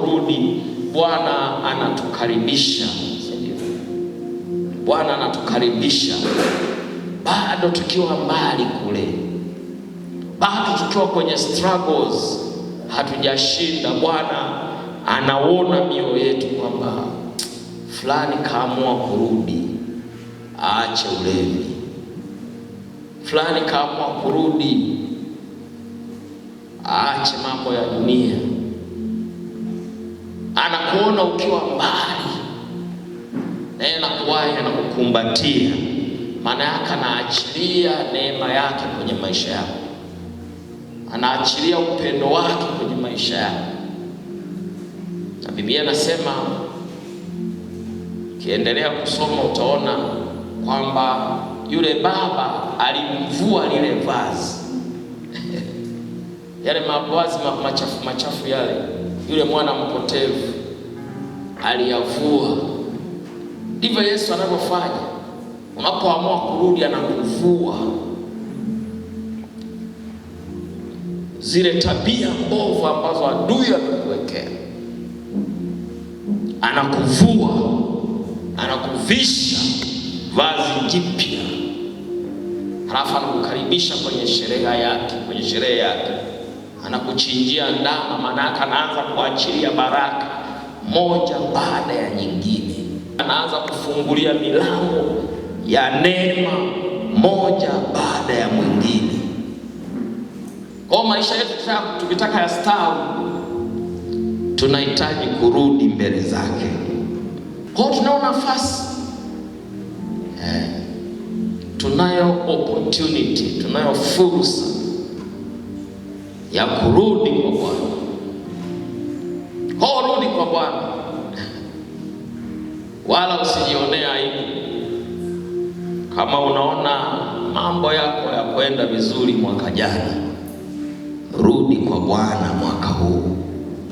tunaporudi, Bwana anatukaribisha. Bwana anatukaribisha bado tukiwa mbali kule, bado tukiwa kwenye struggles, hatujashinda. Bwana anaona mioyo yetu kwamba fulani kaamua kurudi aache ulevi, fulani kaamua kurudi aache mambo ya dunia anakuona ukiwa mbali na yeye anakuwahi, anakukumbatia. Maana yake anaachilia neema yake kwenye maisha yako, anaachilia upendo wake kwenye maisha yako, na Biblia anasema ukiendelea kusoma utaona kwamba yule baba alimvua lile vazi yale mavazi machafu machafu yale, yule mwana mpotevu aliyafua. Ndivyo Yesu anavyofanya. Unapoamua kurudi, anakufua zile tabia mbovu ambazo adui amekuwekea, anakuvua, anakuvisha vazi jipya, halafu anakukaribisha kwenye sherehe yake, kwenye sherehe yake anakuchinjia ndama, maana yake anaanza kuachilia baraka moja baada ya nyingine, anaanza kufungulia milango ya neema moja baada ya mwingine. Kwa maisha yetu tukitaka yastawi, tunahitaji kurudi mbele zake. Kwa hiyo tunao nafasi eh, tunayo opportunity, tunayo fursa ya kurudi kwa Bwana. Ho, rudi kwa Bwana wala usijionee aibu. Kama unaona mambo yako ya kwenda vizuri mwaka jana, rudi kwa Bwana mwaka huu.